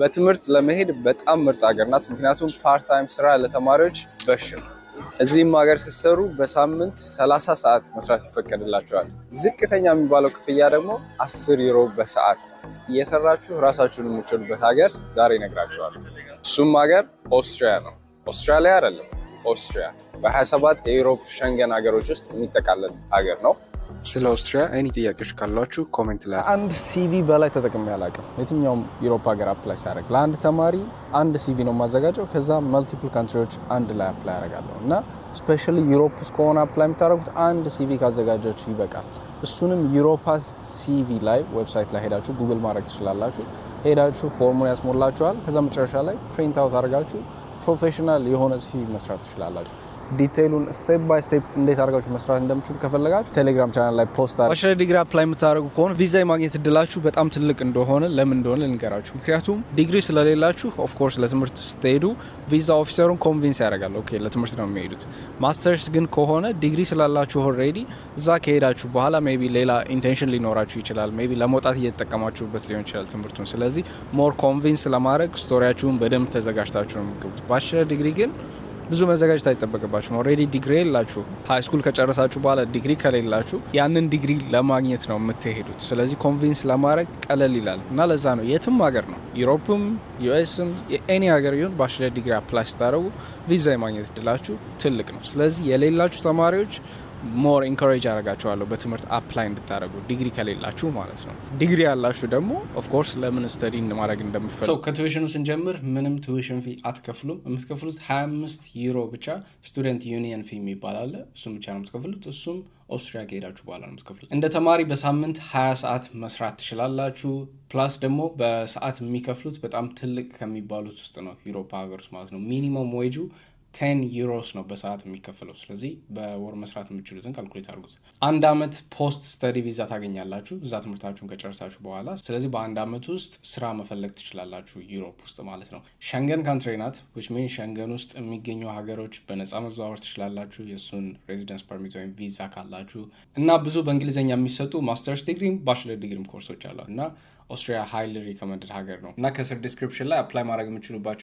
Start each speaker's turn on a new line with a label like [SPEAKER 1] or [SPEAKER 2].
[SPEAKER 1] በትምህርት ለመሄድ በጣም ምርጥ ሀገር ናት። ምክንያቱም ፓርት ታይም ስራ ለተማሪዎች በሽ ነው። እዚህም ሀገር ሲሰሩ በሳምንት 30 ሰዓት መስራት ይፈቀድላቸዋል። ዝቅተኛ የሚባለው ክፍያ ደግሞ 10 ዩሮ በሰዓት ነው። እየሰራችሁ ራሳችሁን የምችሉበት ሀገር ዛሬ ይነግራቸዋል። እሱም ሀገር ኦስትሪያ ነው። ኦስትራሊያ አይደለም፣ ኦስትሪያ በ27 የዩሮፕ ሸንገን ሀገሮች ውስጥ የሚጠቃለል ሀገር ነው።
[SPEAKER 2] ስለ አውስትሪያ አይኒ ጥያቄዎች ካሏችሁ ኮሜንት ላይ
[SPEAKER 3] አንድ ሲቪ በላይ ተጠቅሜ አላውቅም። የትኛውም ዩሮፓ ሀገር አፕላይ ሳደርግ ለአንድ ተማሪ አንድ ሲቪ ነው የማዘጋጀው። ከዛ መልቲፕል ካንትሪዎች አንድ ላይ አፕላይ ያደርጋለሁ እና ስፔሻሊ ዩሮፕ ውስጥ ከሆነ አፕላይ የምታደርጉት አንድ ሲቪ ካዘጋጃችሁ ይበቃል። እሱንም ዩሮፓስ ሲቪ ላይ ዌብሳይት ላይ ሄዳችሁ ጉግል ማድረግ ትችላላችሁ። ሄዳችሁ ፎርሙን ያስሞላችኋል። ከዛ መጨረሻ ላይ ፕሪንት አውት አድርጋችሁ ፕሮፌሽናል የሆነ ሲቪ መስራት ትችላላችሁ። ዲቴይሉን ስቴፕ ባይ ስቴፕ እንዴት አድርጋችሁ መስራት እንደምችሉ ከፈለጋችሁ ቴሌግራም ቻናል ላይ ፖስት አለ።
[SPEAKER 4] ባችለር ዲግሪ አፕላይ የምታደርጉ ከሆነ ቪዛ የማግኘት እድላችሁ በጣም ትልቅ እንደሆነ ለምን እንደሆነ ልንገራችሁ። ምክንያቱም ዲግሪ ስለሌላችሁ ኦፍኮርስ ለትምህርት ስትሄዱ ቪዛ ኦፊሰሩን ኮንቪንስ ያደርጋል። ኦኬ ለትምህርት ነው የሚሄዱት። ማስተርስ ግን ከሆነ ዲግሪ ስላላችሁ ኦልሬዲ እዛ ከሄዳችሁ በኋላ ሜይ ቢ ሌላ ኢንቴንሽን ሊኖራችሁ ይችላል። ሜይ ቢ ለመውጣት እየተጠቀማችሁበት ሊሆን ይችላል ትምህርቱን። ስለዚህ ሞር ኮንቪንስ ለማድረግ ስቶሪያችሁን በደንብ ተዘጋጅታችሁ ነው የምትገቡት። ባችለር ዲግሪ ግን ብዙ መዘጋጀት አይጠበቅባችሁ ነው። ኦልሬዲ ዲግሪ የላችሁ ሃይስኩል ከጨረሳችሁ በኋላ ዲግሪ ከሌላችሁ ያንን ዲግሪ ለማግኘት ነው የምትሄዱት። ስለዚህ ኮንቪንስ ለማድረግ ቀለል ይላል እና ለዛ ነው የትም ሀገር ነው ዩሮፕም ዩኤስም ኤኒ ሀገር ይሁን ባችለር ዲግሪ አፕላይ ስታደረጉ ቪዛ የማግኘት እድላችሁ ትልቅ ነው። ስለዚህ የሌላችሁ ተማሪዎች ሞር ኢንኮሬጅ አደርጋችኋለሁ በትምህርት አፕላይ እንድታደረጉ ዲግሪ ከሌላችሁ ማለት ነው። ዲግሪ ያላችሁ ደግሞ ኦፍኮርስ ለምን ስተዲ ማድረግ እንደምፈልግ
[SPEAKER 5] ከትዊሽኑ ስንጀምር ምንም ትዊሽን ፊ አትከፍሉም። የምትከፍሉት 25 ዩሮ ብቻ ስቱደንት ዩኒየን ፊ የሚባል አለ። እሱም ብቻ ነው የምትከፍሉት። እሱም ኦስትሪያ ከሄዳችሁ በኋላ ነው የምትከፍሉት። እንደ ተማሪ በሳምንት 20 ሰዓት መስራት ትችላላችሁ። ፕላስ ደግሞ በሰዓት የሚከፍሉት በጣም ትልቅ ከሚባሉት ውስጥ ነው ዩሮፓ ሀገር ውስጥ ማለት ነው ሚኒመም ዌጁ ቴን ዩሮስ ነው በሰዓት የሚከፈለው። ስለዚህ በወር መስራት የምችሉትን ካልኩሌት አድርጉት። አንድ አመት ፖስት ስተዲ ቪዛ ታገኛላችሁ እዛ ትምህርታችሁን ከጨርሳችሁ በኋላ። ስለዚህ በአንድ አመት ውስጥ ስራ መፈለግ ትችላላችሁ ዩሮፕ ውስጥ ማለት ነው። ሸንገን ካንትሪ ናት። ዊች ሚን ሸንገን ውስጥ የሚገኙ ሀገሮች በነፃ መዘዋወር ትችላላችሁ የእሱን ሬዚደንስ ፐርሚት ወይም ቪዛ ካላችሁ እና ብዙ በእንግሊዝኛ የሚሰጡ ማስተርስ ዲግሪም ባችለር ዲግሪም ኮርሶች አሏት እና ኦስትሪያ ሀይል ሪኮመንድድ ሀገር ነው እና ከስር ዲስክሪፕሽን ላይ አፕላይ ማድረግ የምችሉባቸው